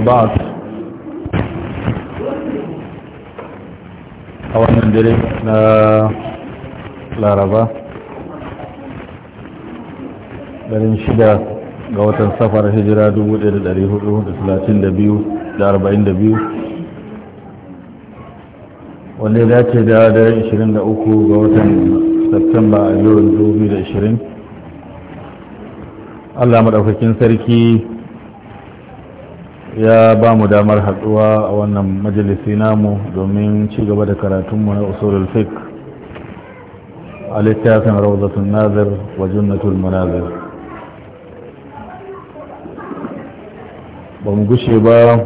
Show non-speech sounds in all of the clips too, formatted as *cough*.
وبعد أولا ندري لا ربا دارين شدا قوة سفر هجرة دو إلى داريه دسلاتين دبيو داربعين دبيو wanda ya ce da daren 23 ga watan satamba a yawon 2020 allah maɗaukakin sarki ya ba mu damar haɗuwa a wannan majalisi namu domin ci gaba da karatunmu na usulul fiqh a littafin rawzatun nazir wa jannatul manazir ba mu gushe ba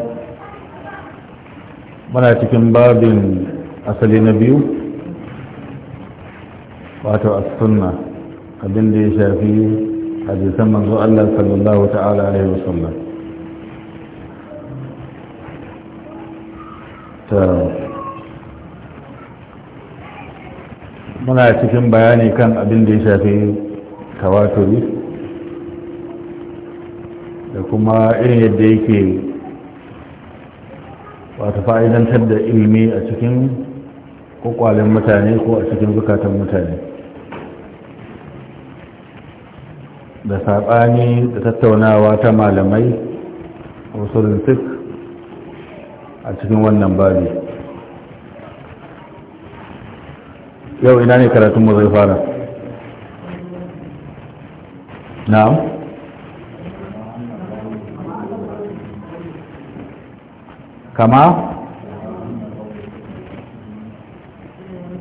muna cikin babin asali na biyu wato as-sunna abin da ya shafi hadisan manzo Allah sallallahu ta'ala alaihi wasallam muna cikin bayani kan abin da ya shafi tawaturi da kuma irin yadda yake wata fa'idantar da ilimi a cikin kwakwalin mutane ko a cikin zukatan mutane da saɓani da tattaunawa ta malamai wasu rintik a cikin wannan babi yau ina ne karatunmu zai fara na'am kama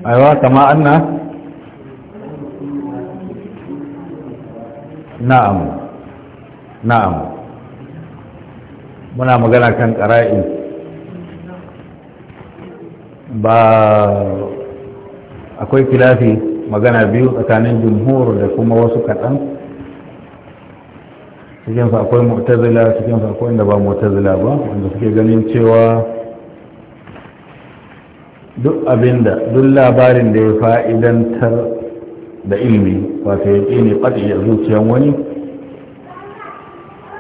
aiwa kama anna na'am na'am muna magana kan ƙara'in ba akwai kilafi magana biyu tsakanin jumhur da kuma wasu kaɗan cikinsu akwai mu'tazila cikinsu akwai inda ba mu'tazila ba wanda suke ganin cewa duk abinda duk labarin da ya fa'idantar da ilmi wato ya ƙi ne ɓaɗi a zuciyan wani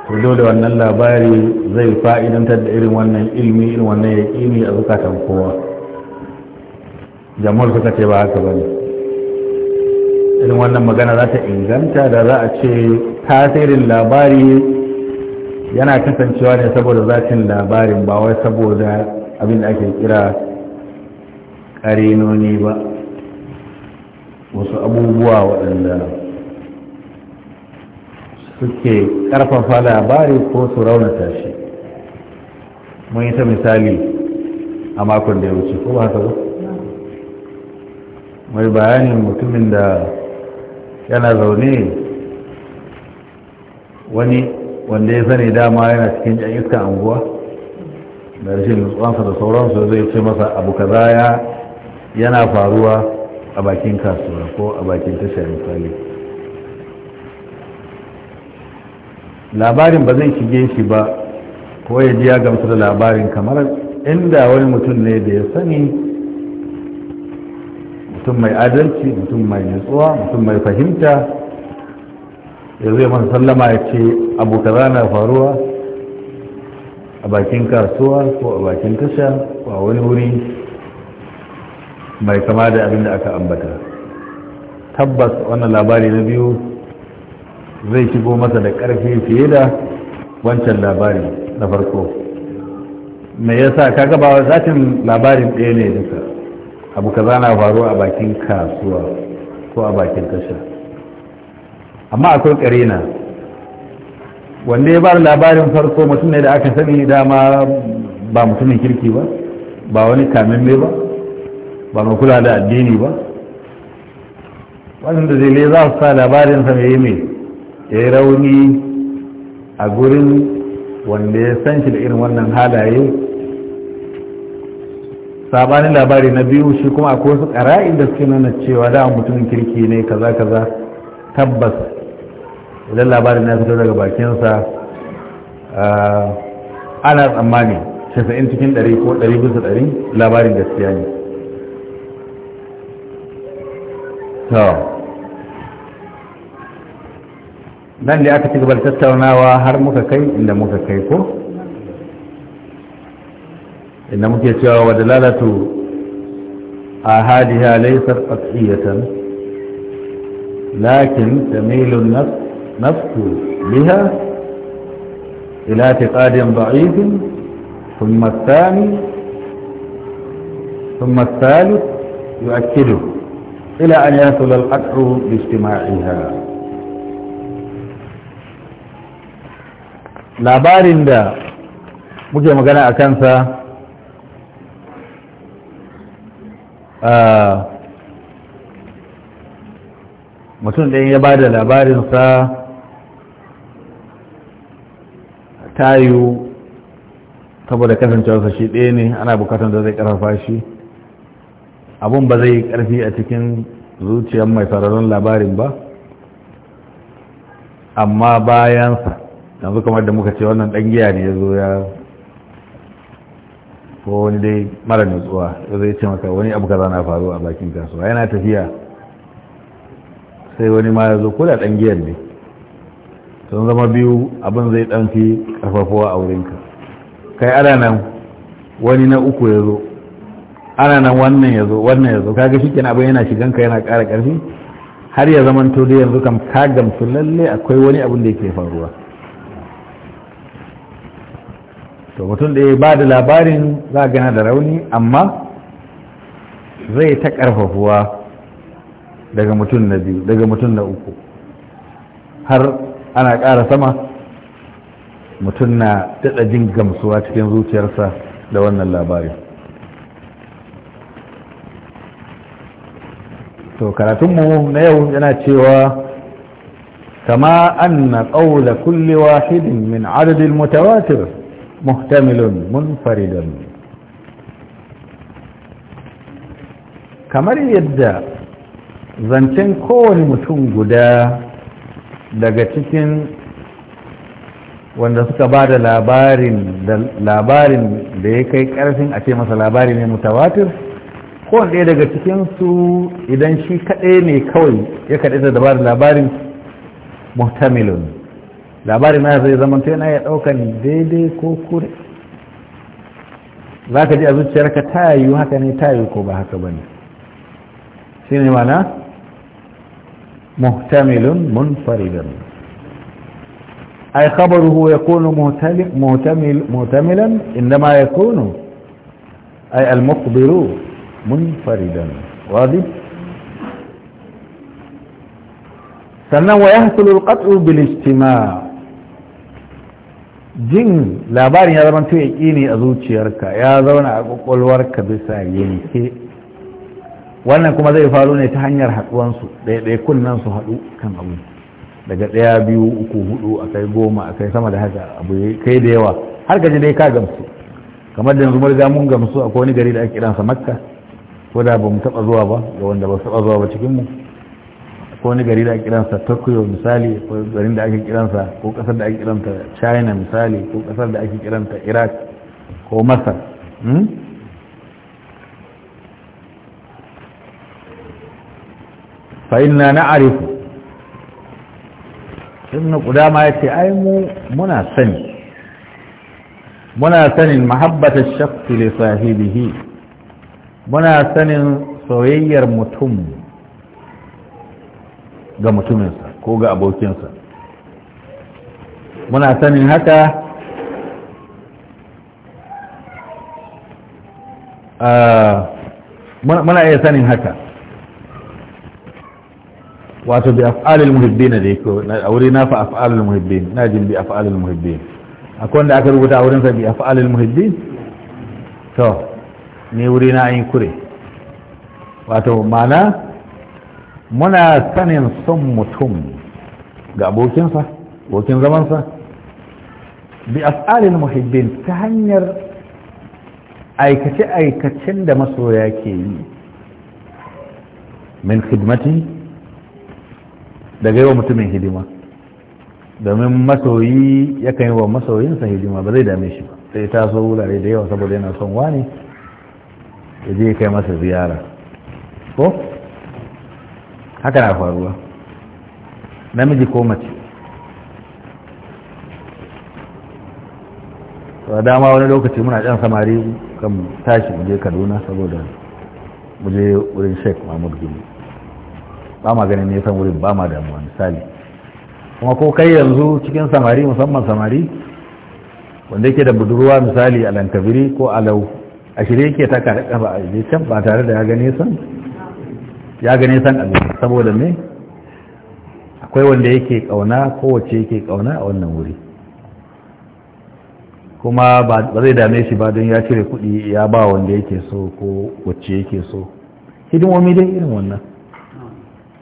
to dole wannan labari zai fa'idantar da irin wannan ilmi irin wannan ya ƙi ne a zukatan kowa jamhur suka ce ba haka ba ne irin wannan magana za ta inganta da za a ce tasirin labari yana kasancewa ne saboda zafin labarin ba wai saboda abin da ake kira karinoni ba wasu abubuwa waɗanda suke ƙarfafa labari ko su raunata shi mun yi ta misali a makon da ya wuce ko ba haka ba mai bayanin mutumin da yana zaune wani wanda ya sani dama yana cikin 'yan iska anguwa da rashin nutsuwansa da sauransu zai ce masa abu kaza ya yana faruwa a bakin kasuwa ko a bakin tashar misali labarin ba zai shige shi ba ko ya ji ya gamsu da labarin kamar inda wani mutum ne da ya sani mutum mai adalci mutum mai nutsuwa mutum mai fahimta ya zai masa sallama ya ce abu rana faruwa a bakin kasuwa ko a bakin tasha ko a wani wuri mai kama da abin da aka ambata tabbas wannan labari na biyu zai shigo masa da ƙarfi fiye da wancan labari na farko mai yasa kaga ba zatin labarin ɗaya ne duka abu kaza na faruwa a bakin kasuwa ko a bakin tasha amma akwai karena wanda ya bar labarin farko mutum ne da aka sani dama ba mutumin kirki ba ba wani kamamme ba ba mai kula da addini ba wanda zai za su sa labarin sa mai mai ya rauni a gurin wanda ya san shi da irin wannan halaye sabanin labari na biyu shi kuma akwai wasu ƙara'in da suke nuna cewa da mutumin kirki ne kaza kaza tabbas idan labarin ya fito daga bakinsa ah, ana tsammani shasa'in cikin ɗari ko ɗari bisa ɗari labarin gaskiya ne nan da aka ci gaba tattaunawa har muka kai inda muka kai ko inda muke cewa wa dalalatu ahadiha laysat qat'iyatan lakin tamilu an-nafs biha ila i'tiqadin da'if thumma ath-thani thumma ath-thalith yu'akkidu ila an yasul al-qat'u bi ijtima'iha labarin da muke magana a kansa Ah, mutum ɗin ya ba da labarinsa tayu saboda kasancewarsa shi ɗaya ne ana bukatar da zai ƙarfafa shi abun ba zai ƙarfi a cikin zuciyar mai sararin labarin ba amma bayansa yanzu kamar da muka ce wannan ɗan giya ne ya zo ya ko wani dai mara nutsuwa zai ce maka wani abu kaza na faru a bakin kasuwa yana tafiya sai wani ma ya zo ko da ɗan giyar ne sun zama biyu abin zai ɗan fi ƙarfafuwa a wurinka kai ana nan wani na uku ya zo ana nan wannan ya zo wannan ya zo kaga shi kenan abin yana shigan ka yana ƙara ƙarfi har ya zama to da yanzu kam ka gamsu lalle akwai wani abin da yake faruwa to mutum da ya ba labarin za gana da rauni amma zai ta ƙarfafuwa daga mutum na biyu daga mutum na uku har ana ƙara sama mutum na daɗa jin gamsuwa cikin zuciyarsa da wannan labarin to karatunmu na yau yana cewa kama an na ƙaula kulle wahidin min adadin mutawatir muhtamilun damu kamar yadda zancen kowane mutum guda daga cikin wanda suka ba da labarin da ya kai karfin a ce masa labari ne mutawatir kowane ɗaya daga cikinsu idan shi kaɗai ne kawai ya kaɗai da da labarin muhtamilun labari na zai zamanto yana ya ɗaukan daidai ko kure za ka ji a zuciyarka ta yiwu haka ne ta yiwu ko ba haka ba ne shi ne mana muhtamilun munfaridan ai khabaruhu yakunu muhtamilan indama yakunu ai almuqbiru munfaridan wadi sannan wa yahsulu alqat'u bil ijtima' jin labarin ya zama to ya ƙini a zuciyarka ya zauna a ƙwaƙwalwarka bisa yanke wannan kuma zai faru ne ta hanyar haɗuwansu ɗaiɗai kunnan su haɗu kan abu daga ɗaya biyu uku hudu a kai goma a kai sama da haka abu kai da yawa har ka ji dai ka gamsu kamar da yanzu mun riga mun gamsu akwai wani gari da ake kiransa makka ko da ba mu taɓa zuwa ba ga wanda ba su taɓa zuwa ba cikinmu ko wani gari da ake kiransa tokyo misali ko garin da ake kiransa ko kasar da ake kiranta china misali ko kasar da ake kiranta iraq ko masar hmm fa inna arifu inna qudama yace ai mu muna sani muna sani mahabbata shakhs li sahibihi muna sani soyayyar mutum ga mutuminsa ko ga abokinsa muna sanin haka muna iya sanin haka wato bi af'alil muhibbin da yake a wuri na fa af'alil muhibbin na jin bi af'alil muhibbin a wanda aka rubuta a wurin bi af'alil muhibbin to ne wuri na an yi kure wato ma'ana muna sanin son mutum ga abokinsa abokin zamansa bi asalin muhibbin ta hanyar aikace-aikacen da masoya ke yi min hidimati daga yi mutumin hidima domin masoyi yakan yi wa masoyinsa hidima ba zai dame shi ba sai taso wurare da yawa saboda yana son wani ya je kai masa ziyara ko? haka na faruwa namiji ko mace ba dama wani lokaci muna jan samari kan tashi muje kaduna saboda muje wurin sheik mahmud gini ba ma ganin nisan wurin ba ma damuwa misali kuma ko kai yanzu cikin samari musamman samari wanda yake da budurwa misali a lankabiri ko alau a shirye yake ta kaɗa ƙafa a can ba tare da ya gane nisan ya gane san abu saboda me akwai wanda yake kauna kowace yake kauna a wannan wuri kuma ba zai dame shi ba don ya cire kuɗi ya ba wanda yake so ko wacce yake so hidimomi dai irin wannan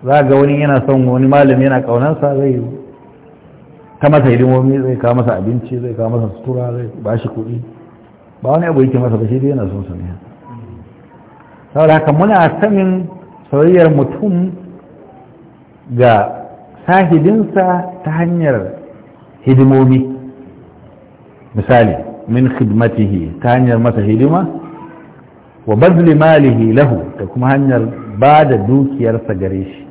za ga wani yana son wani malami yana kaunarsa zai ka masa hidimomi zai kawo masa abinci zai kawo masa sutura zai ba shi kuɗi ba wani abu yake masa ba shi dai yana son sa ne saboda haka muna sanin soyayyar mutum ga sahibinsa ta hanyar hidimomi misali min khidmatihi ta hanyar masa hidima wa bazli malihi lahu da kuma hanyar ba da dukiyarsa gare shi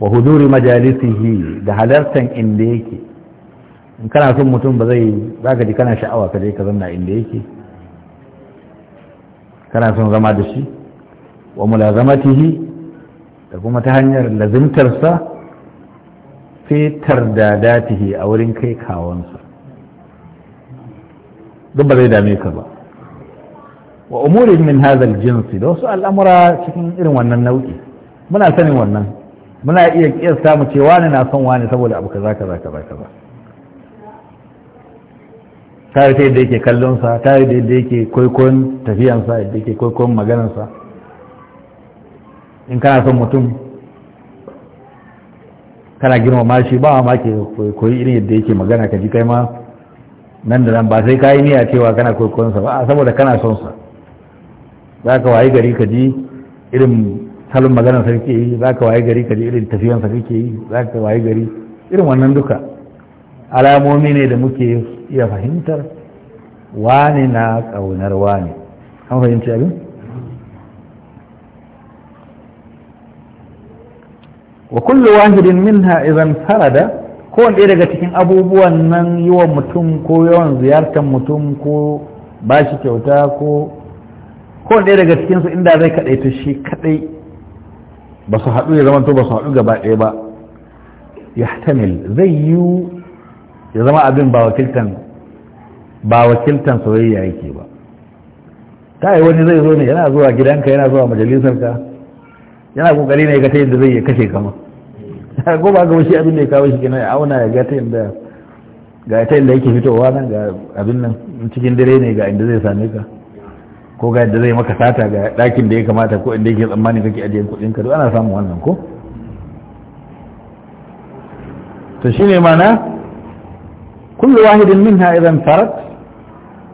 wa huduri majalisihi da halartan inda yake in kana son mutum ba zai zaka ji kana sha'awa ka je ka zanna inda yake kana son zama da shi wa mulazamatihi da kuma ta hanyar lazimtarsa fi da a wurin kai kawonsa duk ba zai dame ka ba wa umurin min hazal jinsi da wasu al'amura cikin irin wannan nau'i muna sanin wannan muna iya kiyasta mu ce wani na son wani saboda abu kaza kaza kaza kaza ta yi ta yadda yake kallonsa ta da yadda yake kwaikwayon tafiyansa yadda yake kwaikwayon maganarsa in kana son mutum kana girmama shi ba ma ke koyi irin yadda yake magana ka ji kai ma nan da nan ba sai ka yi niyya cewa kana sa ba saboda kana son sa za ka wayi gari ka ji irin salon maganar sa kake yi za ka wayi gari ka ji irin tafiyan sa kake yi za ka wayi gari irin wannan duka alamomi ne da muke iya fahimtar wane na ƙaunar wane an fahimci abin wa kullu wahidin minha idan farada ko ɗaya daga cikin abubuwan nan yi wa mutum ko yawan ziyartar mutum ko ba shi kyauta ko ko ɗaya daga su inda zai kaɗai to shi kaɗai ba su haɗu ya zama to ba su haɗu gaba ɗaya ba ya zai yi ya zama abin ba wakiltan ba wakiltan soyayya yake ba ta yi wani zai zo ne yana zuwa gidanka yana zuwa majalisarka yana kokari ne ga ta yadda zai ya kashe kama *laughs* ko ba ga shi abin da ya kawo shi kenan ya auna ya ga ta yadda ga ta yadda yake fitowa nan ga abin nan cikin dare ne ga inda zai same ka ko ga yadda zai maka sata ga ɗakin da ya kamata ko inda yake tsammanin kake ajiye kuɗin ka duk ana samun wannan ko to shine mana kullu wahidin minha idan farat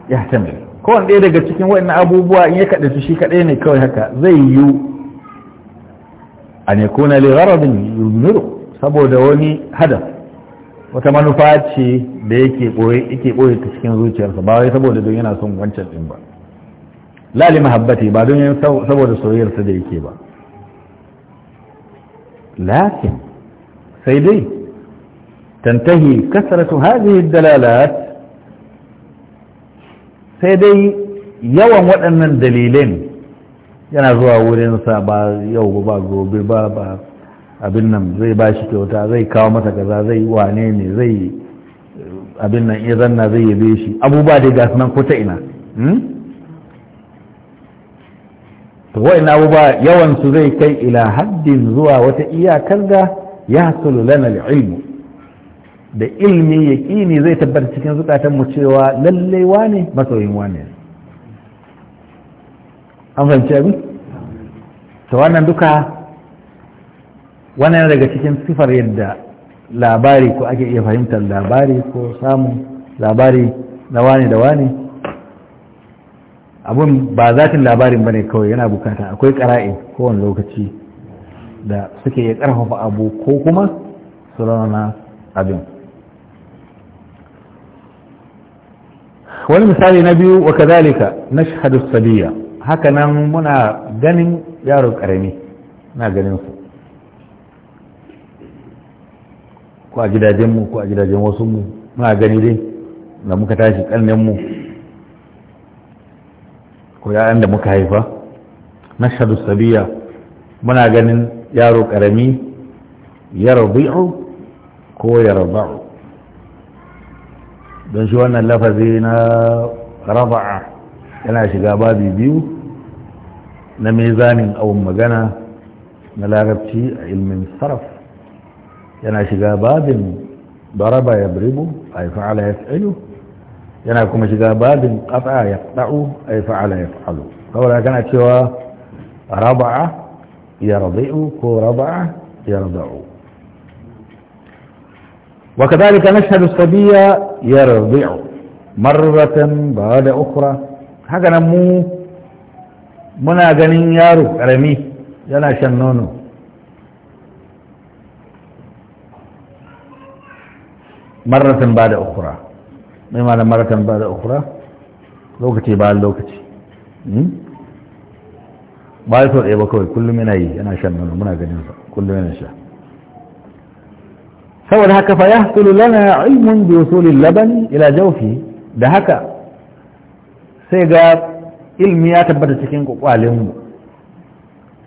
yahtamil kowanne wanda daga cikin waɗannan abubuwa in ya kaɗa su shi kaɗai ne kawai haka zai yiwu أن يكون لغرض يذمره سبو دواني هدف وتمنفات شيء بيكي قوي إكي قوي تسكين روشي باوي سبو دواني ناسون وانشا الإنبا لا لمحبتي با دواني سبو دواني سدي إكي با لكن سيدي تنتهي كثرة هذه الدلالات سيدي يوم وأن الدليلين yana zuwa wurinsa ba yau ba gobe ba ba abin nan zai ba shi kyauta zai kawo masa kaza zai wane ne zai abin nan iya zanna zai yabe shi abubuwa dai gasu nan ko ta ina hmm? to na abubuwa yawan su zai kai ila haddin zuwa wata iyakar da ya hasulu lana ilmu da ilmi yaƙini zai tabbata cikin mu cewa lallai wane masoyin wane ne an fahimci abin ta wannan duka wannan daga cikin sifar yadda labari ko ake iya fahimtar labari ko samun labari na wani da wani abun ba zatin labarin bane kawai yana bukata akwai kara'i kowane lokaci da suke iya karfafa abu ko kuma su rana abin wani misali na biyu wa kazalika na shahadu sabiya hakanan muna ganin yaro karami na ganin su ko a gidajenmu ko a gidajen wasu mu muna gani dai da muka tashi mu ko yayan da muka haifa na shadu sabiya muna ganin yaro karami ya rabi'u ko ya raba'u don shi wannan lafazi na raba'a yana shiga babi biyu na mezanin awon magana na larabci a ilmin saraf yana shiga babin daraba ya biribu a yi fa'ala ya tsayo yana kuma shiga babin ƙasa ya ɗa'u a yi fa'ala ya fa'alu saboda kana cewa raba'a ya rabi'u ko raba'a ya rada'u وكذلك نشهد الصبي يرضع مرة بعد أخرى هكذا مو muna ganin yaro ƙarami yana shan nono maratan ba da ukura mai ma da maratan ba da ukura lokaci bayan lokaci hmm? ba ya sauɗe ba kawai kullum yana yi yana shan nono muna ganin sa kullum yana sha saboda haka fa ya hasulu lana ilmun bi usulil laban ila jawfi da haka sai ga ilmi ya tabbata cikin kwakwalinmu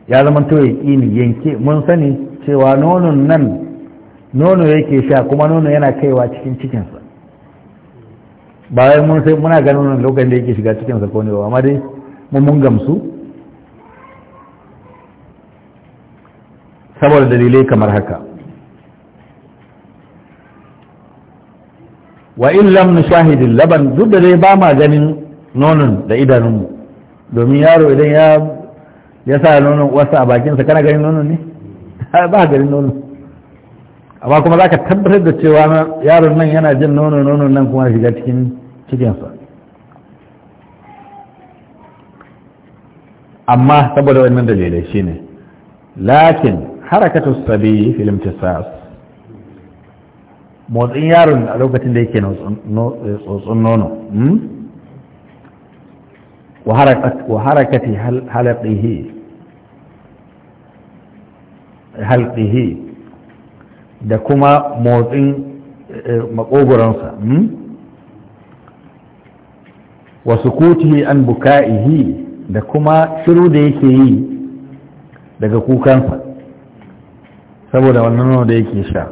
ya zama to yaƙini yanke mun sani cewa nonon nan nono yake sha kuma nono yana kaiwa cikin cikinsa bayan mun sai muna ganin nonon lokacin da yake shiga cikinsa ko ne ba amma dai mun mun gamsu saboda dalilai kamar haka wa in lam nushahidil laban duk da dai ba ma ganin nonon da idanunmu domin yaro idan ya ya sa nonon wasa a bakinsa kana ganin nonon ne *laughs* ba ganin nonon amma kuma za ka tabbatar da cewa yaron nan yana jin nono nono nan kuma shiga cikin cikinsa amma saboda wannan dalilai ne. lakin harakatu sabi filim tisas motsin yaron a lokacin da yake eh, tsotson nono hmm? وحركة حلقه حلقه da kuma motsin makogoransa wasu sukutihi an buka'ihi da kuma shiru da yake yi daga kukansa saboda wannan da yake sha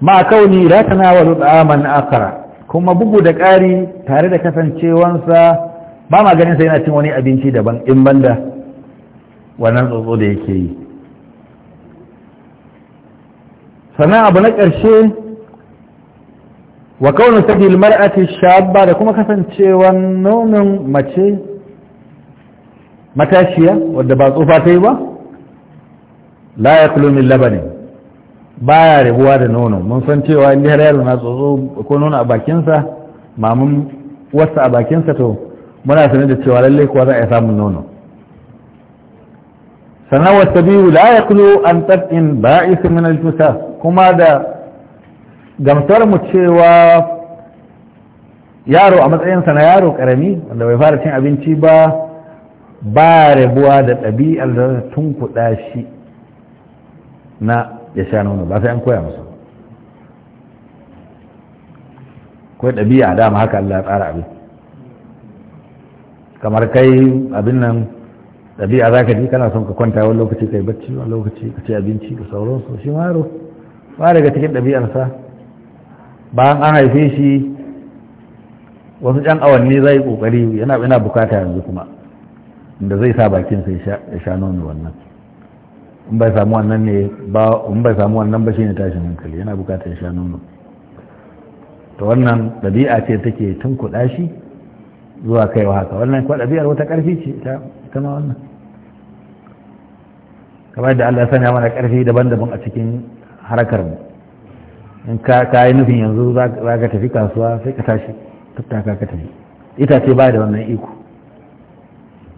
ma kauni la tanawalu ta'aman akara kuma bugu da ƙari tare da kasancewansa ba ma ganin sa yana cin wani abinci daban in banda wannan tsotso da yake yi sannan abu na ƙarshe wa kaunin sabil mar'ati shabba da kuma kasancewan nonon mace matashiya wadda ba tsufa ta yi ba la ya labarin, labanin ya rabuwa da nono mun san cewa in har yaro na tsotso ko nono a bakinsa mamun wasa a bakinsa to muna sanar da cewa lallai kuwa za a samun nono sannan ta biyu la ya kulo an tsarkin ba a isi minal kuma da gamsar mu cewa yaro a matsayinsa na yaro karami wanda bai fara cin abinci ba ba rabuwa da ɗabi'ar da tun kuɗa shi na ya sha nono ba sai an koya masa ko ɗabi'a dama haka Allah ya tsara abin kamar kai abin nan ɗabi'a za ka ji kana son ka kwanta wani lokaci kai bacci wani lokaci ka ci abinci da sauransu shi ma yaro ba daga cikin ɗabi'arsa bayan an haife shi wasu ƴan awanni zai ƙoƙari yana ina bukata yanzu kuma inda zai sa bakinsa ya sha nono wannan in bai samu wannan ne ba in bai samu wannan ba shine tashin hankali yana bukata ya sha nono to wannan ɗabi'a ce take tun kuɗa shi zuwa wa haka wannan kwa ɗabi'ar wata ƙarfi ce ta ma wannan kamar da Allah sanya mana ƙarfi daban-daban a cikin harakar mu in ka yi nufin yanzu za ka tafi kasuwa sai ka tashi tattaka ka tafi itace ba da wannan iko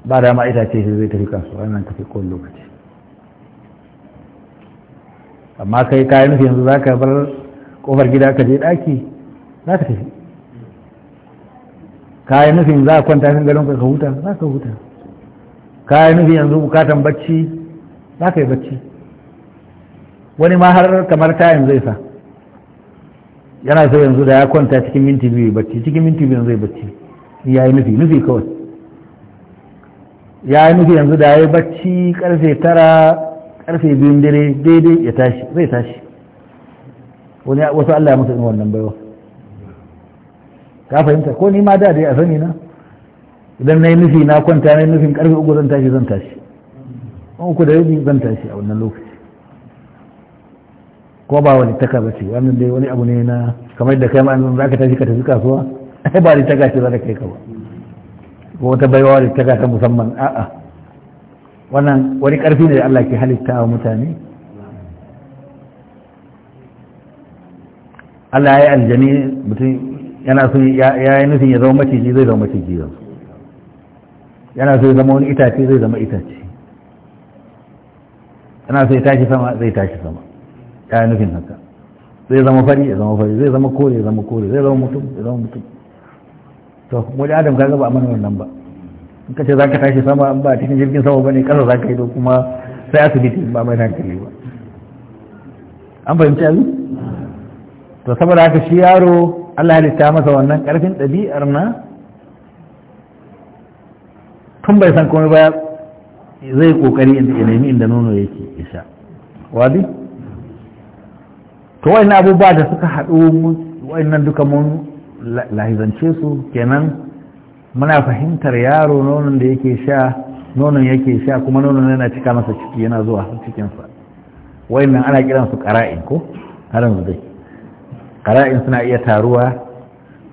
ba da ma itace shi zai tafi kasuwa wannan tafi kowane lokaci amma kai ka yi nufin yanzu za ka bar kofar gida ka je ɗaki za ka tafi ka yi nufin za a kwanta cikin gadon ka huta za ka huta ka yi nufin yanzu bukatan bacci za ka yi bacci wani ma har kamar tayin zai sa yana so yanzu da ya kwanta cikin minti biyu bacci cikin minti biyu zai bacci ya yi nufi nufi kawai ya yi nufi yanzu da ya yi bacci karfe tara karfe biyun dare daidai ya tashi zai tashi wani wasu allah ya musu wannan baiwa ka fahimta ko ni ma da dai a sani na idan na yi nufi na kwanta na yi nufin karfe uku zan tashi zan tashi uku da rabi zan tashi a wannan lokaci ko ba wani taka ba ce wannan dai wani abu ne na kamar da kai ma za ka tashi ka tafi kasuwa *laughs* ai ba ni taka ce za ka kai ka ba ko wata baiwa da taka ta musamman a'a wannan wani karfi ne da Allah ke halitta wa mutane Allah ya yi aljani mutum yana so ya yi nufin ya zama maciji zai zama maciji yau yana so ya zama wani itace zai zama itace yana so ya tashi sama zai tashi sama ya yi nufin haka zai zama fari ya zama fari zai zama kore ya zama kore zai zama mutum ya zama mutum to wani adam ka gaba a mana nan ba in ka ce za ka tashi sama ba a cikin jirgin sama ba ne ƙasa za ka yi kuma sai asibiti ba mai hankali ba an fahimci yanzu to saboda haka shi yaro Allah ya masa wannan karfin ɗabi'ar na tun bai san komai ba zai kokari inda ya nemi inda nono yake sha wadi to wani abubuwa da suka haɗu nan duka mun lahizance su kenan muna fahimtar yaro nonon da yake sha nonon yake sha kuma nonon yana cika masa ciki yana zuwa cikinsa nan ana kiransu ƙara'in ko har yanzu ƙara'in suna iya taruwa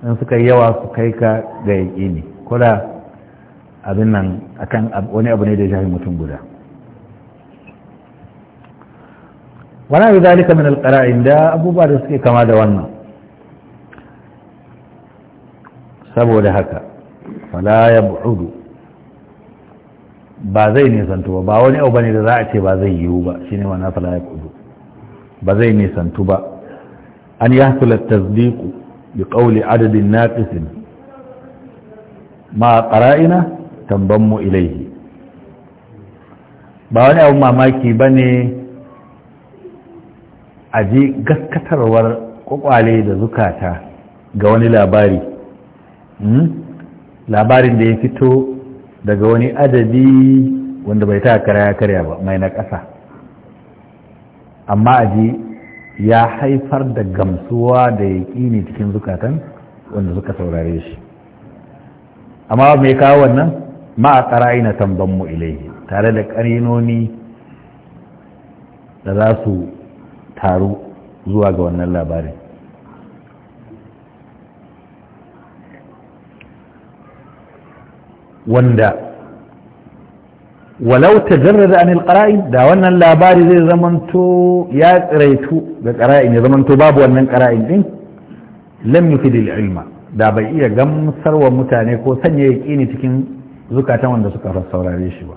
in suka yi yawa su kai ka ga yaƙini ko da abin nan akan wani abu ne da ya shafi mutum guda wani abu zalika min alƙara'in da abubuwa da suke kama da wannan saboda haka fala ya bu'udu ba zai nisantu ba ba wani abu bane da za a ce ba zai yiwu ba shine wannan fala ya bu'udu ba zai nisantu ba an yi at-tasdiq bi qawli adad naqis ma qara'ina tambammu ilayhi ba wani abun mamaki bane a ji gaskatarwar kwakwale da zukata ga wani labari hmm? labarin da ya fito daga wani adadi wanda bai ta karya karya ba mai na ƙasa amma a ji ya haifar da gamsuwa da ne cikin zukatan wanda suka saurare shi amma mai kawo wannan ma a tsara na tamban mu ilai, tare da ƙarinoni da za su taru zuwa ga wannan labarin wanda walau tajarrada anil qara'in da wannan labari zai zamanto ya tsiraitu da qara'in ya zamanto babu wannan qara'in din lam yufidil ilma da bai iya gamsarwa mutane ko sanya ya yaqini cikin zukatan wanda suka saurare shi ba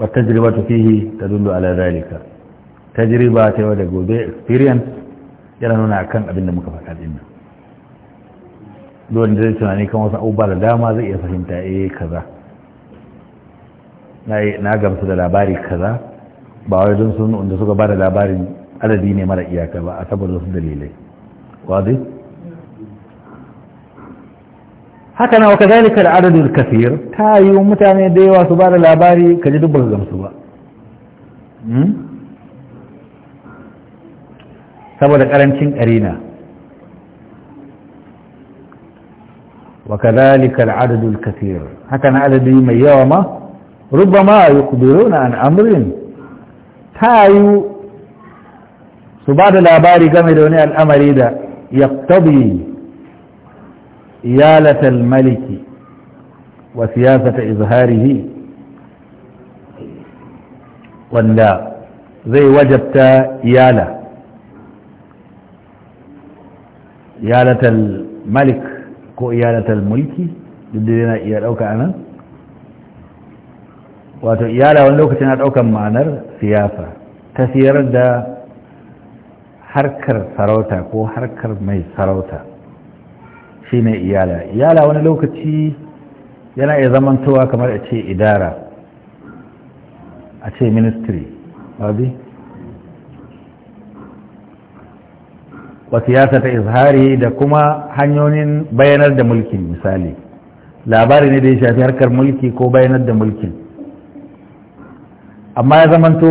wa tajribatu fihi tadullu ala zalika tajriba ta yau da gobe experience yana nuna akan abin da muka faɗa dinnan don da zai tunani kan wasu abubuwa da dama zai iya fahimta eh kaza na gamsu da labari kaza ba wai don sun wanda suka ba da labarin adadi ne mara iyaka ba a saboda su dalilai wazi haka na waka zalika da adadin kafir ta yi mutane da yawa su ba da labari ka ji dubba gamsu ba hmm? saboda karancin karina وكذلك العدد الكثير هكذا عدد من يوم ربما يخبرون عن أمر تايو سبعد الأباري كما دوني الأمر إذا يقتضي إيالة الملك وسياسة إظهاره ولا زي وجبت إيالة إيالة الملك ko iyalatar mulki duk yana iya ɗauka anan wato iyala wani lokacin na ɗaukan ma'anar siyasa ta siyar da harkar sarauta ko harkar mai sarauta shine iyala iyala wani lokaci yana iya zamantowa kamar a ce idara a ce ministry wa ta izhari da kuma hanyoyin bayanar da mulkin misali labari ne da ya shafi harkar mulki ko bayanar da mulkin amma ya zamanto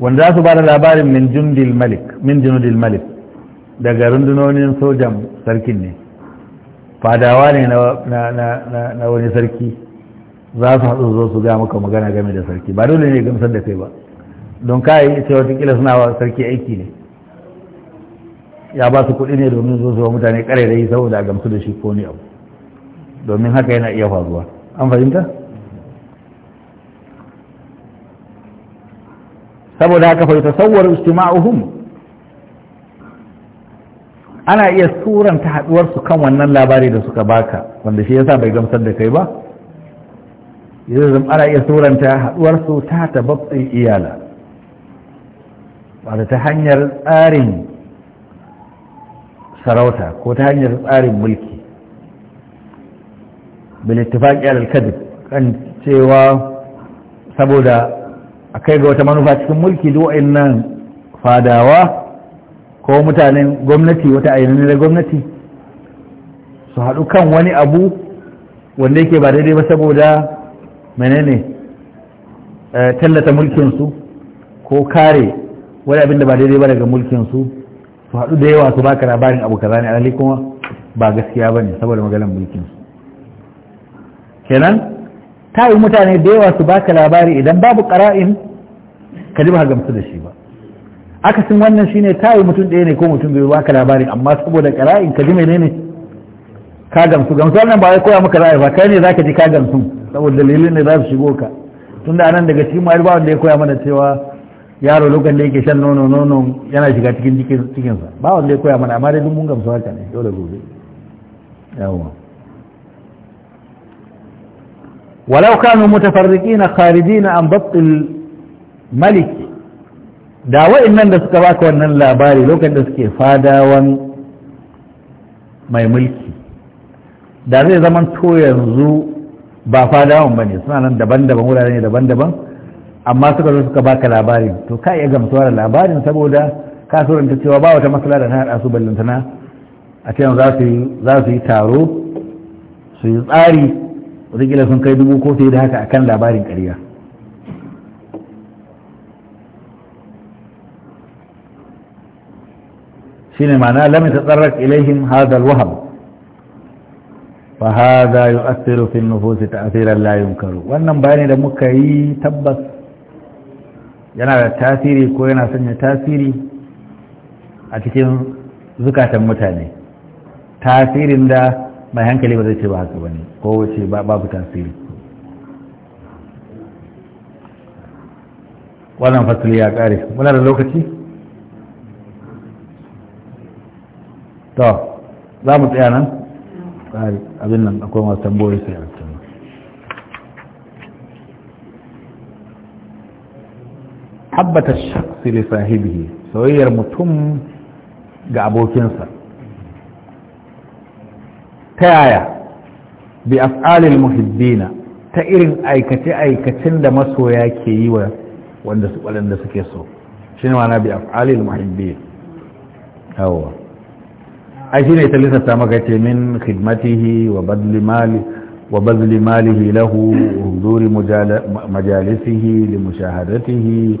wanda za su ba da labarin min jundil malik min junudil malik daga rundunonin sojan sarkin ne fadawa ne na wani sarki za su haɗu zo su ga maka magana game da sarki ba dole ne gamsar da kai ba don kayi cewa wata suna wa sarki aiki ne ya ba su kuɗi ne domin zo zuwa mutane ƙarairayi saboda a gamsu da shi ko ni abu domin haka yana iya faruwa an fahimta saboda haka fahimta sauwar istima'uhum ana iya suranta haɗuwarsu kan wannan labari da suka baka wanda shi yasa bai gamsar da kai ba yanzu ana iya suranta haɗuwarsu ta tabbatsin iyala wata ta hanyar tsarin sarauta ko ta hanyar tsarin mulki bilittifaki al-kadib kan cewa saboda a kai ga wata manufa cikin mulki duwa'in nan fadawa ko mutanen gwamnati wata ainihin da gwamnati su haɗu kan wani abu wanda yake ba daidai ba saboda menene eh, tallata mulkinsu ko kare wani abin da ba daidai ba daga mulkinsu su haɗu da yawa su baka labarin abu kaza ne alali kuma ba gaskiya bane saboda maganar mulkin kenan ta yi mutane da yawa su baka labari idan babu ƙara'in ka ji ba gamsu da shi ba akasin wannan shine ta yi mutum ɗaya ne ko mutum biyu baka labarin amma saboda ƙara'in ka ji ne ka gamsu gamsu wannan ba wai koya maka ra'ayi ba kai ne zaka ji ka gamsu saboda dalilin ne za su shigo ka tunda anan daga cikin ma'arba wanda ya koya mana cewa yaro lokacin da yake shan nono nono yana shiga cikin cikinsa ba wanda ya koya mana amma dai mun gamsu haka ne yau da gobe yawon walau kanu mutafarriki na khariji na ambatul maliki da nan da suka baka wannan labari lokacin da suke fadawan mai mulki da zai zaman to yanzu ba fadawan ba ne suna nan daban-daban wurare ne daban-daban amma suka zo suka baka labarin to ka iya gamsuwa da labarin saboda ka suranta cewa ba wata matsala da ta haɗa su ballantana a cikin za su yi taro su yi tsari wataƙila sun kai dubu ko fiye da haka akan labarin ƙarya shine ma'ana lam tsarar ilaihim hadal alwahab fa hadha yu'athiru fi an-nufus ta'thiran la yunkaru wannan bayani da muka yi tabbas yana da tasiri ko yana sanya tasiri a cikin zukatan mutane tasirin da mai hankali ba zai ce ba haka ba ne ko wace babu tasiri wannan fasili ya kare muna da lokaci? to za mu tsaya nan abin nan akwai masu tamboyi sai a habbata shakhsi li sahibihi soyayyar mutum ga abokinsa ta yaya bi af'alil muhibbina ta irin aikace aikacin da masoya ke yi wa wanda su suke so ne ma'ana bi af'alil muhibbin yawa ai shine ta lissafta maka ce min khidmatihi wa badli mali wa badli malihi lahu huzuri majalisihi li mushahadatihi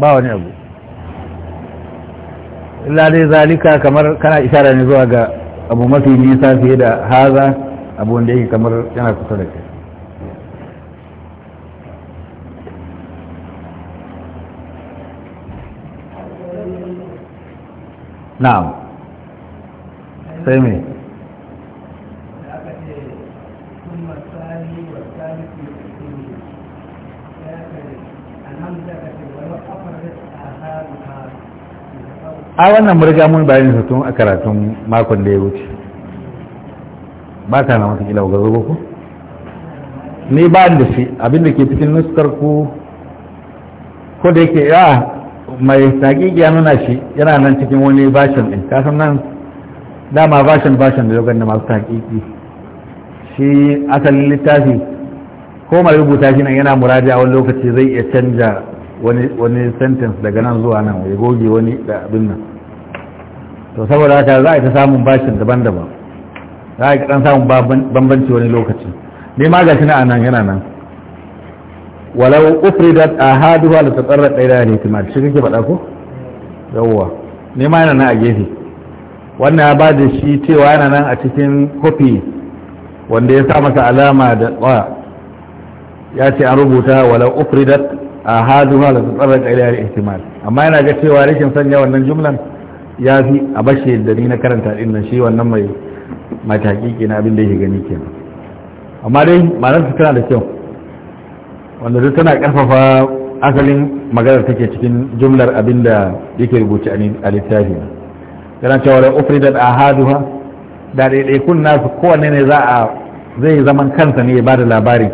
ba wani abu illa zalika kamar kana isara ne zuwa ga abu mafi nisa fiye da haza abu wanda yake kamar yana kusa da kai na'am sai mai a wannan murga mun bayan su tun a karatun makon da ya wuce ba ta na wata kila ga ku ni ba da shi abinda ke cikin nuskar ku ko da yake ya mai taƙiƙi ya nuna shi yana nan cikin wani bashin ɗin kasan nan dama bashin bashin da yogan da masu taƙiƙi shi asalin littafi ko mai rubuta shi nan yana muraja a wani lokaci zai iya canja wani sentence daga nan zuwa nan ya goge wani da abin nan to saboda haka za a yi ta samun bashin daban-daban za a yi dan samun bambanci wani lokaci ne ma ga na nan yana nan walau ufridat ahaduha la tatarra ɗaya da ihtimal shi kake faɗa ko yawwa ne ma yana nan a gefe wannan ya bada shi cewa yana nan a cikin kofi wanda ya sa masa alama da ya ce an rubuta walau ufridat a hadu ma da su tsarraka iliyar ihtimal amma yana ga cewa rashin sanya wannan jumlan ya fi a bashe da ni na karanta din nan shi wannan mai mataki ke na abin da yake gani kenan amma dai ma'anar su tana da kyau wanda su tana ƙarfafa asalin maganar take cikin jumlar abin da yake rubuce a littafi yana cewa da hadu ha, da kun nasu kowanne ne za a zai zaman kansa ne ya ba da labari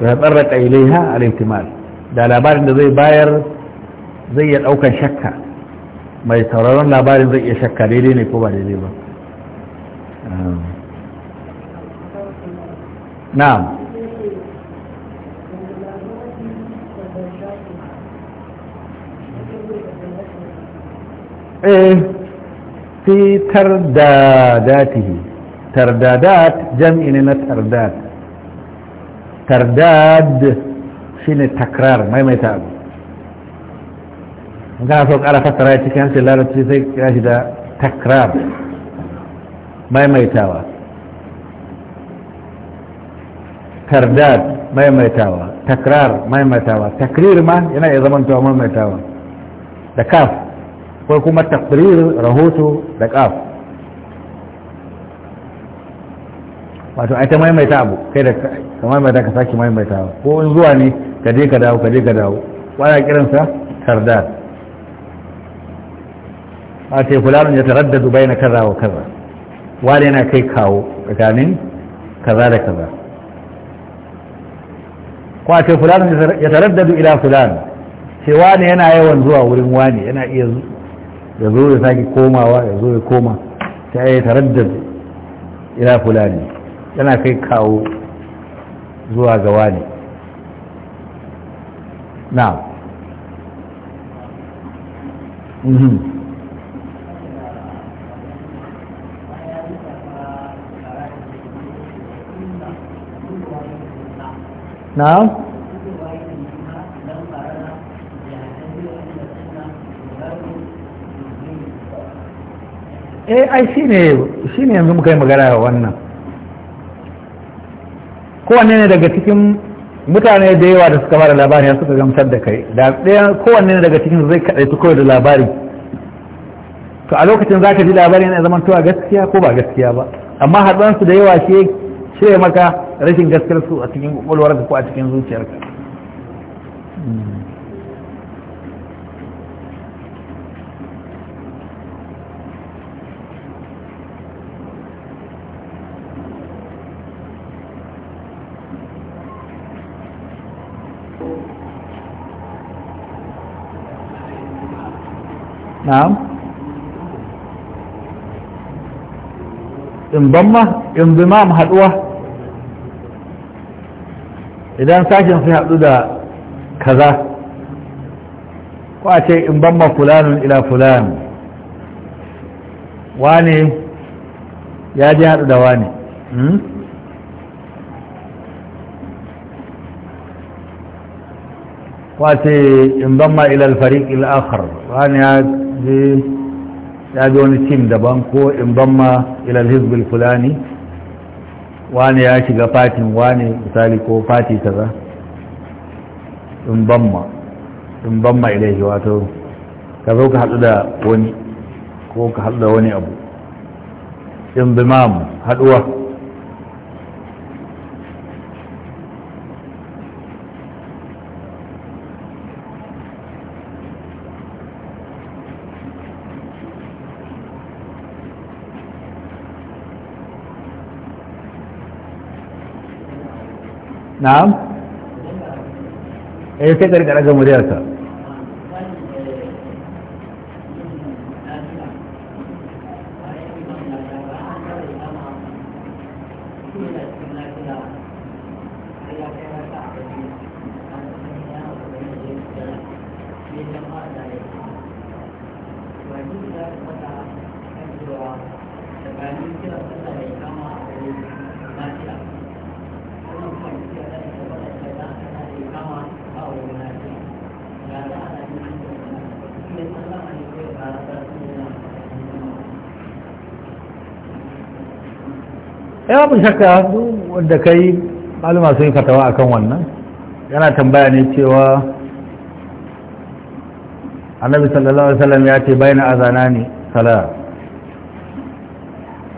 ya tsarraka ilaiha al-ihtimal da labarin da zai bayar zai ya daukan shakka mai sauraron labarin zai iya shakka daidai ne ko ba daidai ba na'am eh fi tardadatihi tardadat jam'i ne na tardad tardad shine takrar maimaita abu gana so kara fassara cikin hancin larabci sai kira shi da takrar maimaitawa tardad maimaitawa takrar maimaitawa takrir ma yana iya zamantawa maimaitawa da kaf ko kuma takrir rahoto da kaf wato aita maimaita abu kai da ka maimaita ka sake maimaitawa ko in zuwa ne ka je ka dawo ka je ka dawo wani kiransa tardar a ce fulanun ya taraddadu dubai na kaza wa kaza wani yana kai kawo tsakanin kaza da kaza ko a ce fulanun ya taraddadu ila fulan ce wani yana yawan zuwa wurin wani yana iya ya zo ya sake komawa ya zo ya koma ta ya taraddadu ila fulani yana kai kawo zuwa ga wani na mhm. na eh ai shi ne shi ne yanzu muka yi magana a wannan kowanne ne daga cikin mutane da yawa da suka fara labari ya suka gamsar da kai da ɗaya kowanne daga cikin zai kaɗai ta kawai da labari to a lokacin za ka ji labari yana zaman tuwa gaskiya ko ba gaskiya ba amma haɗuwansu da yawa shi shirya maka rashin gaskiyar a cikin ƙwaƙwalwar ko a cikin zuciyarka hmm. na'am inbamma inzimam haduwa idan sashen sai hadu da kaza ko a ce inbamma fulanun ila fulan wane ya ji hadu da wane hmm? wace in ila ilal al-akhar wani ya je ya ji wani tim daban ko in ila ilal hizb fulani wani ya shiga fatin wani misali ko fati kaza in inzamma ilaihi wato ka zo ka hadu da wani ko ka hadu da wani abu in inzimam haduwa na'am eh sai ka rika daga muryarsa babu shakka wanda kai maluma sun yi fatawa kan wannan yana tambaya ne cewa annabi sallallahu alaihi wasallam ya ce bayan azana ne sala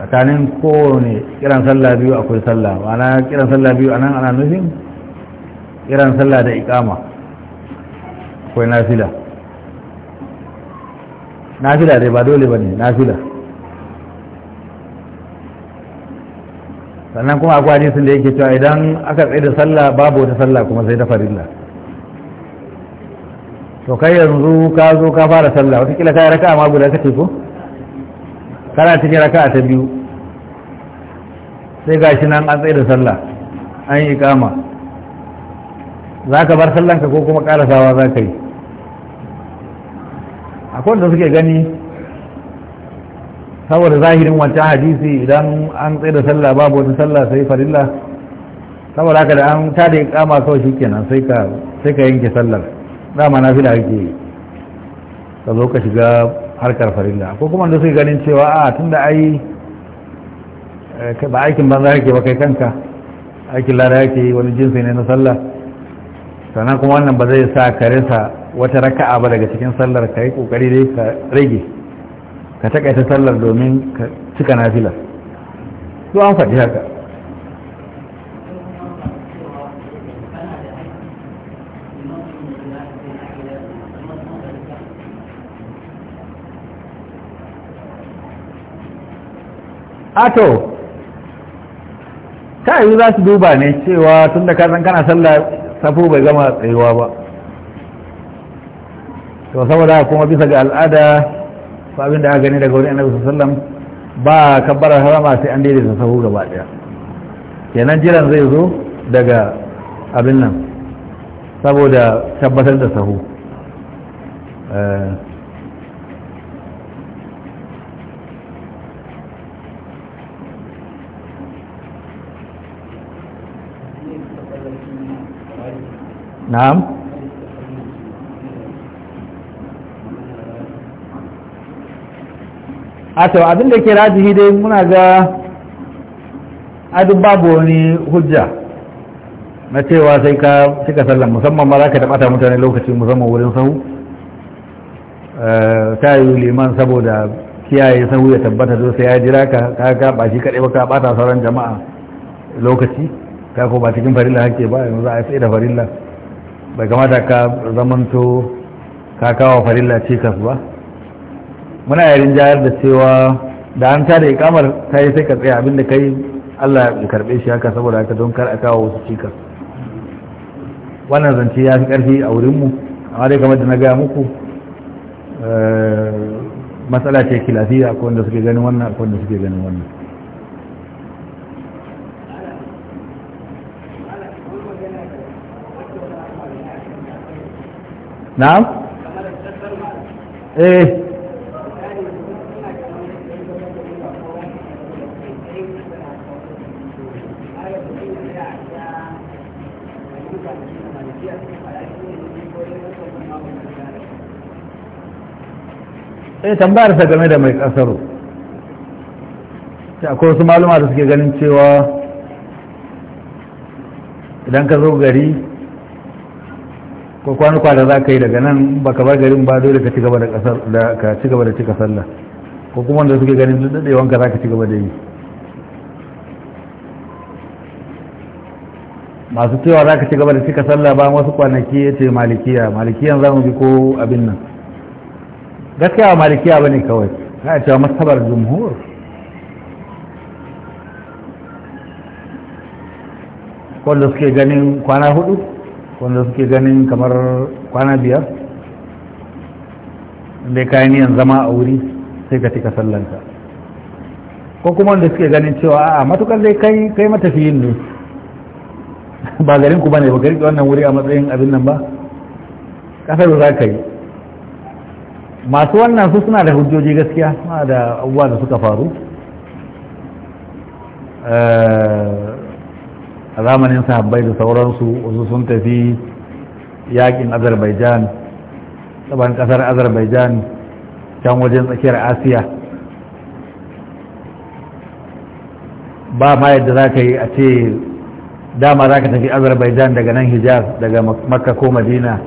tsakanin kowane kiran sallah biyu akwai sallah ma'ana kiran sallah biyu anan ana nufin kiran sallah da ikama akwai nafila nafila dai ba dole ba ne nafila sannan kuma akwai hadisin da yake cewa idan aka tsaye da sallah babu wata sallah kuma sai ta farilla to kai yanzu ka zo ka fara sallah watakila ka yi raka'a ma guda kace ko kana cikin raka'a ta biyu sai gashi nan an tsaye da sallah an yi kama za ka bar sallanka ko kuma karasawa za ka yi akwai da suke gani saboda zahirin wancan hadisi idan an tsaye da sallah babu wata sallah sai farilla saboda haka da an tada ya kama kawai shi kenan sai ka yanke sallar dama na fi da ake ka zo ka shiga harkar farilla ko kuma da suke ganin cewa a tun da ai eh, ba aikin banza kake ba kai kanka aikin lara ke wani jinsi ne na sallah sannan kuma wannan ba zai sa ka rasa wata raka'a ba daga cikin sallar ka yi kokari dai ka rage ka takaita sallar domin ka cika nafilar to an faɗi haka to ta yi za su duba ne cewa tun da kasan kana sallar safu bai gama tsayuwa ba to saboda kuma bisa ga al'ada ba abin da aka gani daga wurin annabi sallam ba kabbara harama sai an daidaita sahu gaba daya kenan jiran zai zo daga abin nan saboda tabbatar da sahu eh. na'am a to abin da ke rajihi dai muna ga adu babu wani hujja na cewa sai ka cika sallan musamman ma za ka taɓata mutane lokacin musamman wurin sahu eh, ta yi liman saboda kiyaye sahu ya tabbata zo sai ya jira ka ka ba shi kaɗai ba ka ɓata sauran jama'a lokaci ka ko ba cikin farilla hake ba yanzu za a tsaye da farilla bai kamata ka zamanto ka kawo farilla cikas ba muna yarin rinjayar da cewa da an tada ikamar ta yi sai ka tsaye da kai Allah ya karbe shi haka saboda haka don kar a kawo wasu cikas wannan zance ya fi karfi a wurinmu amma dai kamar da na gaya muku eh, matsala ce kilafiya akwai wanda suke ganin wannan akwai wanda suke ganin wannan na'am eh eh tambayar sa game da mai kasaro akwai wasu maluma da suke ganin cewa idan ka zo gari ko kwanuka da za ka yi daga nan ba ka bar garin ba dole ka ci gaba da cika sallah ko kuma wanda suke ganin duk wanka za ka ci gaba da yi masu cewa za ka ci gaba da cika sallah ba wasu kwanaki ya ce malikiya malikiyan za mu bi ko abin nan gaskiya malikiya bane kawai na cewa masabar jumhur wanda suke ganin kwana hudu wanda suke ganin kamar kwana biyar da ka niyan zama a wuri sai ka cika sallanka ko kuma wanda suke ganin cewa a matukar dai kai kai matafiyin ne *laughs* ba garin ku bane ba garin wannan wuri a matsayin abin nan ba kasar za ka yi masu wannan su suna da hujjoji gaskiya suna da abubuwa da suka faru eh, a zamanin sahabbai da sauransu wasu sun tafi yakin azerbaijan tsaban kasar azerbaijan can wajen tsakiyar asiya ba ma yadda za ka yi a ce dama za ka tafi azerbaijan daga nan hijaz daga makka ko madina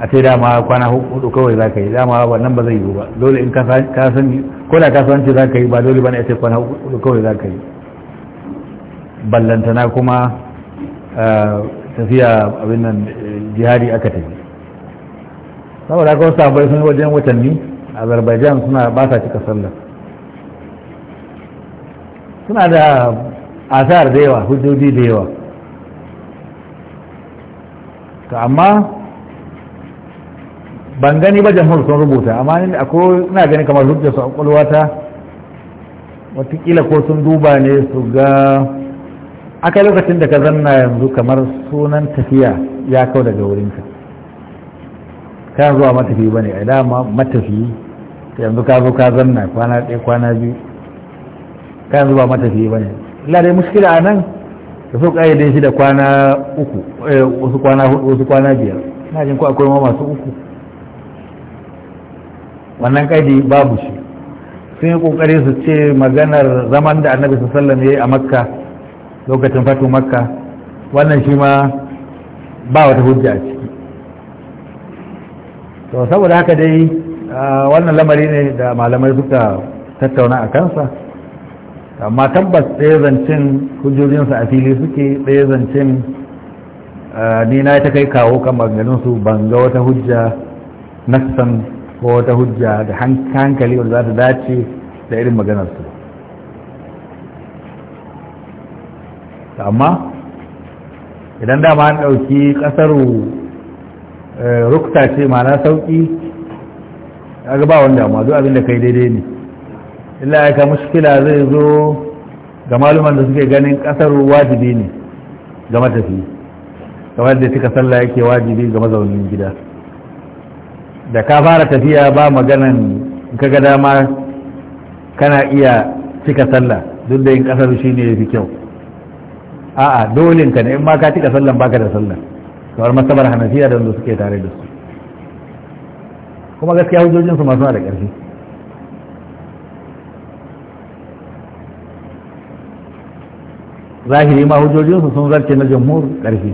a ce dama kwana hudu kawai za ka yi dama wannan ba zai yiwu ba dole in ka san ko da kasuwanci za ka yi ba dole ba ne a ce kwana hudu kawai za ka yi ballantana kuma tafiya abin nan eh, jihadi aka tafi saboda kawai wasu sun wajen watanni azerbaijan suna ba sa cika sallah suna da asar da yawa hujjoji da yawa to amma ban gani ba jamhur sun rubuta amma ni akwai ina gani kamar hujjar su kwakwalwa ta watakila ko sun duba ne su ga aka lokacin da ka zanna yanzu kamar sunan tafiya ya kau daga wurinka ka zuwa matafi ba ne a dama matafi yanzu ka zo ka zanna kwana ɗaya kwana biyu ka zuwa ba matafi ba ne illa dai muskila a nan da su ƙayyade shi da kwana uku eh, wasu kwana hudu wasu kwana biyar na jin ko akwai ma masu uku wannan kaidi babu shi sun yi kokari su ce maganar zaman da annabi su sallam ya yi a makka lokacin fatu makka wannan shi ma ba wata hujja a ciki to saboda haka dai wannan lamari ne da malamai suka tattauna a kansa amma tabbas ɗaya zancen hujjojinsa a fili suke ɗaya zancen ni na ta kai kawo kan su ban ga wata hujja na san. ko wata hujja da hankali wanda za ta dace da irin maganar su amma idan dama an ɗauki ƙasar eh, rukta ce ma'ana sauƙi ga ba wanda amma abin da kai daidai ne illa ya muskila zai zo ga maluman da suke ganin ƙasar wajibi ne ga matafi kamar da suka sallah yake wajibi ga mazaunin gida da ka fara tafiya ba maganan kaga dama kana iya cika sallah duk da yin kasar shi ne fi kyau a'a dolin ka ne in ma ka cika sallan baka da sallah kamar masabar hanafiya da wanda suke tare da su kuma gaskiya su masu da ƙarfi zahiri ma su sun zarce na jamhur ƙarfi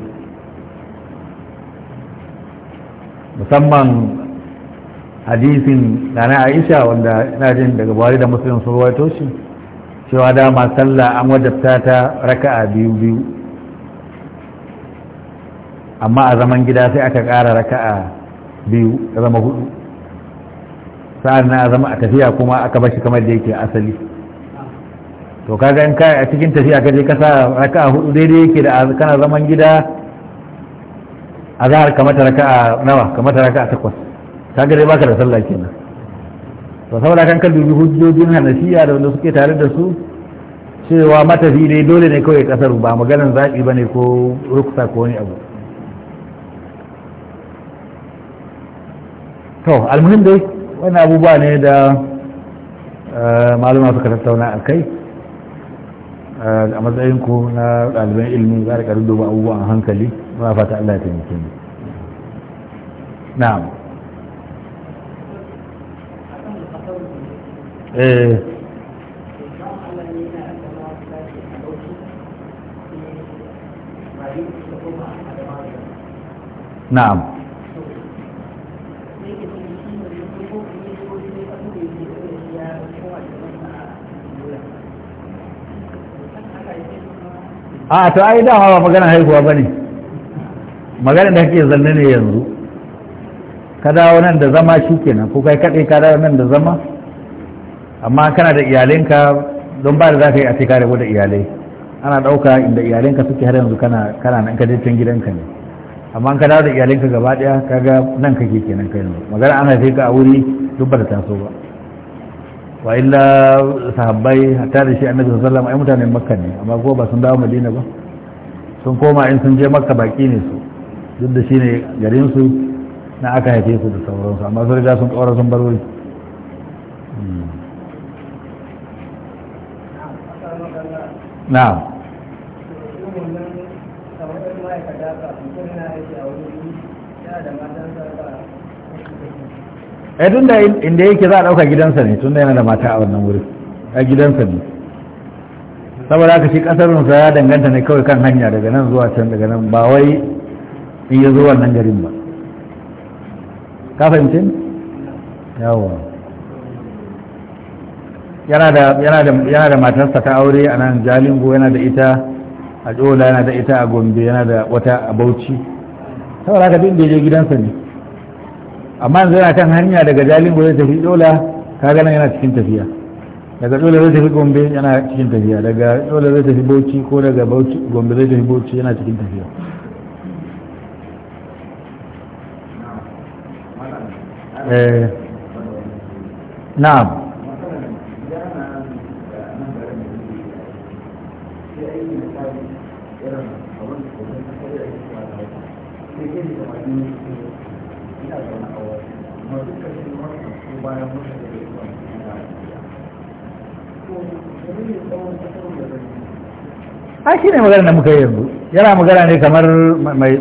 musamman hadisin da na aisha wanda ina jin daga buhari da muslim sun ruwaito shi cewa dama sallah an wajabta ta raka'a biyu biyu amma a zaman gida sai aka ƙara raka'a biyu ya zama hudu sa'an na zama a tafiya kuma aka bashi kamar da yake asali to kaga in ka a cikin tafiya ka je ka sa raka'a hudu daidai yake da kana zaman gida zahar kamata raka'a nawa kamata raka'a takwas kaga dai baka da sallah kenan to saboda kan kan dubi hujjojin hanafiya da wanda suke tare da su cewa matafi ne dole ne kawai kasar ba maganan zaɓi ba ne ko ruksa ko wani abu to almuhim dai wani abubuwa ne da eh, maluma suka tattauna a kai eh, a matsayinku na ɗaliban ilimi za a ƙarfi duba abubuwan hankali muna fata Allah ya taimake mu na'am eh na'am a to ai da hawa magana haihuwa ba ne magana da kake zanne ne yanzu ka dawo nan da zama kenan ko kai kadai ka dawo nan da zama amma kana da iyalinka don ba da za ka yi a ce ka rabu da iyalai ana ɗauka inda iyalinka suke har yanzu kana kana nan ka can gidanka ne amma ka dawo da iyalinka gaba ɗaya kaga nan kake kenan kai magana ana haife ka a wuri duk ba ta taso ba wa illa sahabbai hatta da shi annabi sallallahu alaihi ai mutanen makka ne amma ko ba sun dawo madina ba sun koma in sun je makka baki ne su duk da shine garin su na aka haife su da sauransu amma sun riga sun ƙaura sun bar wuri hmm. na'am ai eh, tun da inda yake za a ɗauka gidansa ne tun da yana da mata a wannan wuri a gidansa ne saboda haka shi ƙasarunsa ya danganta ne kawai kan hanya daga nan zuwa can daga nan ba wai in ya zo wannan garin ba ka fahimci yawa yana da matarsa ta aure a nan jalingo yana da ita a jola yana da ita a gombe yana da wata a bauchi saboda haka duk da je gidansa ne amma yanzu yana kan hanya daga jalingo zai tafi jola ka gana yana cikin tafiya daga jola zai tafi gombe yana cikin tafiya daga jola zai tafi bauchi ko daga bauchi gombe zai tafi bauchi yana cikin tafiya eh, na'am a shi ne magana da muka yanzu yana magana ne kamar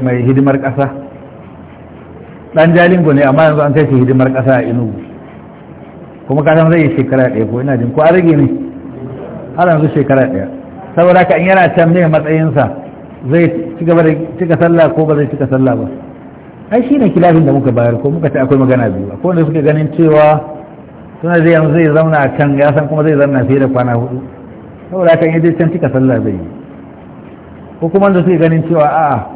mai hidimar ƙasa ɗan jalingo ne amma yanzu an kai shi hidimar ƙasa a inugu kuma kasan zai yi shekara ɗaya ko ina jin ko an rage ne har yanzu shekara ɗaya saboda ka in yana can ne matsayinsa zai ci gaba da cika sallah ko ba zai cika sallah ba ai shi ne kilafin da muka bayar ko muka ce akwai magana biyu akwai wanda suke ganin cewa suna zai yanzu zai zauna a can ya san kuma zai zauna fiye da kwana hudu da kan yi can cika sallah zai yi ko kuma da suke ganin cewa a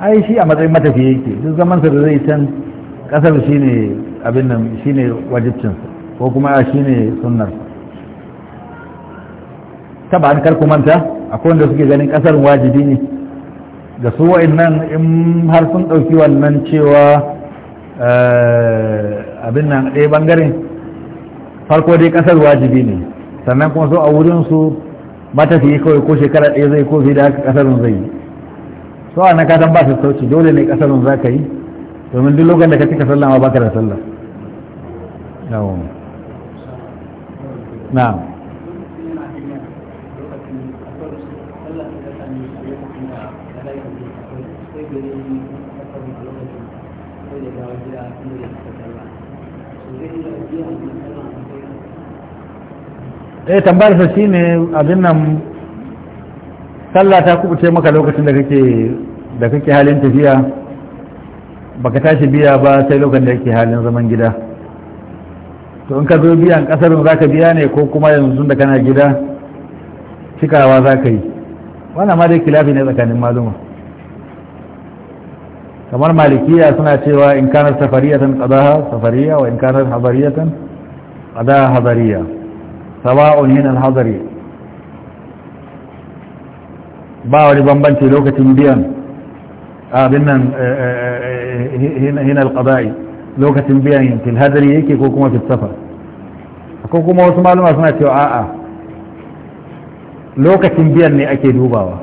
ai shi a matsayin matafiya yake duk zaman sa da zai can kasar ne abin nan ne wajibcin ko kuma a shi ne sunnar taba an kar manta akwai wanda suke ganin kasar wajibi ne ga su wa'annan in har sun dauki wannan cewa eh, abin nan ɗaya bangaren farko dai kasar wajibi ne sannan kuma so a wurin su matafiye kawai ko shekara ɗaya zai ko fi da haka kasarun zai yi so a na katon ba su sauci dole ne kasarun za ka yi domin duk lokacin da ka cika sallah ma ka da sallah na'am eh tambayar sa shine abin nan sallah ta kubuce maka lokacin da kake da kake halin tafiya baka tashi biya ba sai lokacin da kake halin zaman gida to in ka zo biyan kasarin zaka biya ne ko kuma yanzu da kana gida cikawa zaka yi wannan ma dai kilafi ne tsakanin maluma kamar malikiya suna cewa in kanar safariyatan qadaha safariya wa in kanar hadariyatan qadaha habariya sawa'un min al ba wani bambanci lokacin biyan abin nan eh, eh, eh, hin al lokacin biyan yake ko kuma fil ko kuma wasu maluma suna cewa a'a lokacin biyan ne ake dubawa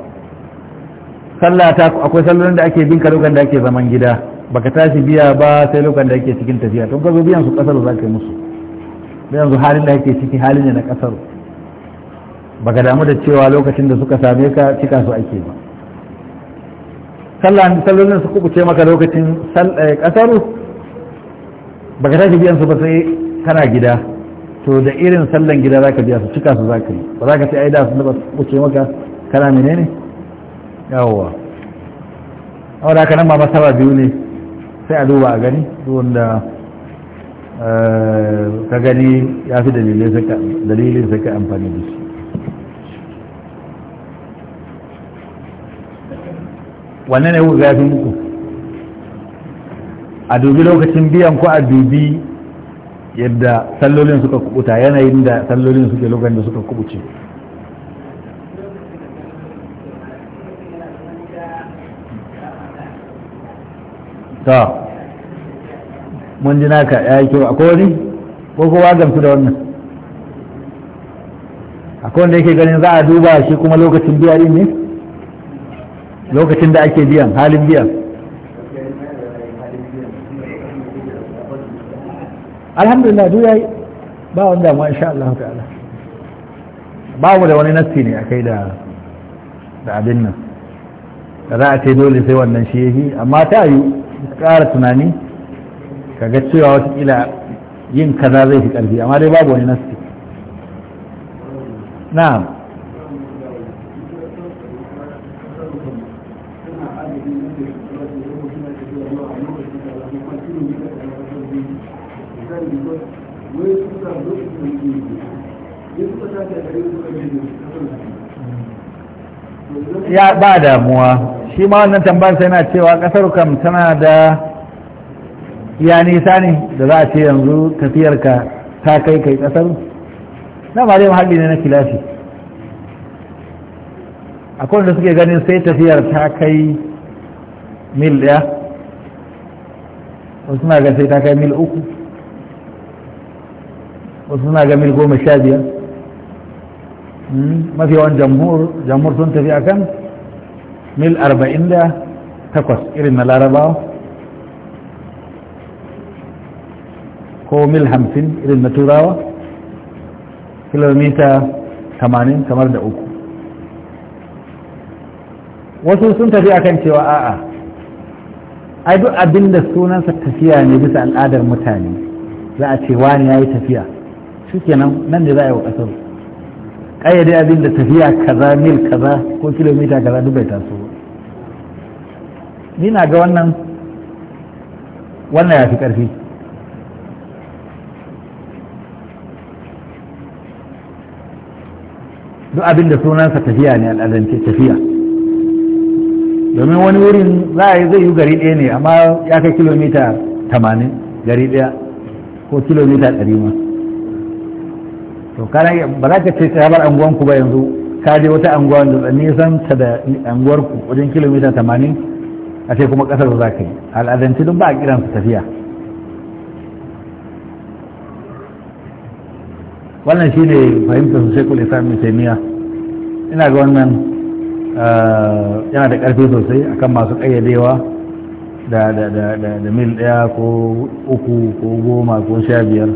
sallah ta akwai sallolin da ake binka lokacin da ake zaman gida baka tashi biya ba sai lokacin da ake cikin tafiya to ka zo biyan su kasar za ka musu yanzu halin da yake ciki halin ne na kasar ka damu da cewa lokacin da suka same ka cika su ake ba sallan sallolin su kubuce maka lokacin kasaru eh, ka tashi biyan su ba sai kana gida to da irin sallan gida zaka biya su cika su zaka yi ba zaka sai ai da su ba kubuce maka kana menene yawwa awara kana ma masaba biyu ne sai a duba a gani da. Eh, ka gani ya fi dalilin saka amfani da shi wannan ne kuka zafin muku a dubi lokacin biyan ku a dubi yadda sallolin suka kubuta yanayin da sallolin suke lokacin da suka kubuce ta mun ji naka ya yi kyau akwai wani ko kowa gamsu da wannan akwai wanda yake ganin za a duba shi kuma lokacin biya din ne lokacin da ake biyan halin biyan alhamdulillah duk yayi ba wani damuwa insha Allah ta'ala ba mu da wani nassi ne akai da da abin nan da za a ce dole sai wannan shi yi amma ta yi ƙara tunani kaga cewa watakila yin kaza zai fi ƙarfi amma dai babu wani nasti na'am ya ba damuwa shi ma wannan tambayar sai na cewa kasar kam tana da ya nisa ne da za a ce yanzu tafiyarka ta kai kai kasar na ba dai mahalli ne na kilafi akwai da suke ganin sai tafiyar ta kai mil ɗaya wasu na ga sai ta kai mil uku wasu na ga mil goma sha biyar hmm, mafi yawan jamhur sun tafi akan mil arba'in da takwas irin na larabawa ko mil hamsin irin na turawa kilomita tamanin kamar da uku wasu sun tafi akan cewa a'a ai duk abin da sunansa tafiya ne bisa al'adar mutane za a ce wani ya yi tafiya shi kenan nan da za a yi wa ƙasar ƙayyade abin da tafiya kaza mil kaza ko kilomita kaza duk bai taso ni na ga wannan wannan ya fi ƙarfi duk abin da sunansa tafiya ne al'adance tafiya domin wani wurin za a yi zai yi gari ɗaya ne amma ya kai kilomita tamanin gari ɗaya ko kilomita ɗari ma to kana ba za ka ce tsabar anguwanku ba yanzu ka je wata anguwa da san ta da anguwarku wajen kilomita tamanin a ce kuma ƙasar za ka yi al'adance duk ba a kiransa tafiya wannan shi ne fahimtar su shekul islam taimiyya ina ga wannan eh, yana da ƙarfi sosai akan masu ƙayyadewa da mil ɗaya ko uku ko goma ko sha biyar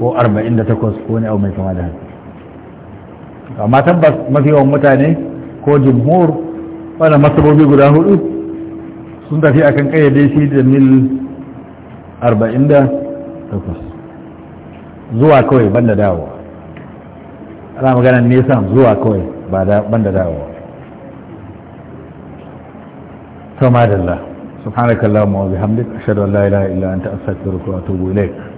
ko arba'in da takwas ko ne abu mai kama da haka amma tabbas mafi yawan mutane ko jimhur wanda masabobi guda hudu sun tafi akan ƙayyade shi da mil arba'in da takwas zuwa kawai ban da dawo ana maganar nisan zuwa kawai banda dawo sama da Allah subhanakallahumma wa bihamdika ashhadu an la ilaha illa anta astaghfiruka wa atubu ilayk